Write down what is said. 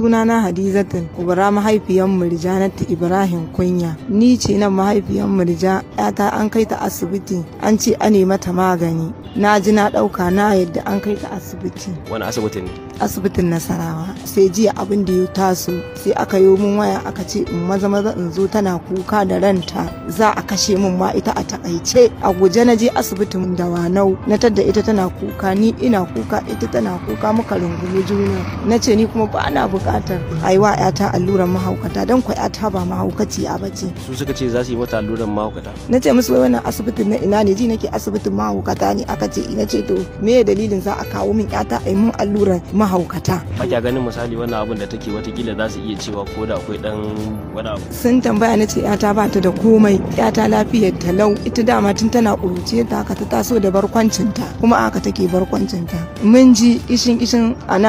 sunana Hadizatun Kubara mahaifiyan Murjanatu Ibrahim Kunya. Ni ce nan mahaifiyan Murja ta an kai ta asibiti an ce a ne mata magani. Na ji na ɗauka na yadda an kai ta asibiti. Wani asibitin ne? Asibitin Nasarawa. Sai jiya abin da ya taso sai aka yi min waya aka ce in maza maza in zo tana kuka da ranta za a kashe min ma ita a takaice. A guje na je asibitin Dawanau na tadda ita tana kuka ni ina kuka ita tana kuka muka rungumi juna. Na ce ni kuma ba na buƙatar bukatar a yi wa 'yata alluran mahaukata don kwa 'yata ba mahaukaci a bace. Su suka ce za su yi mata alluran mahaukata. Na ce musu wai wannan asibitin na ina ne ji nake asibitin mahaukata ne aka ce ina ce to me dalilin za a kawo min 'yata a yi min alluran mahaukata. A kya ganin misali wannan abin da take watakila za su iya cewa ko da akwai dan wani abu. Sun tambaya na ce 'yata ba ta da komai 'yata lafiyar talau ita dama tun tana kuruce ta ka ta taso da barkwancinta kuma aka take barkwancinta. Mun ji ishin ishin a nan.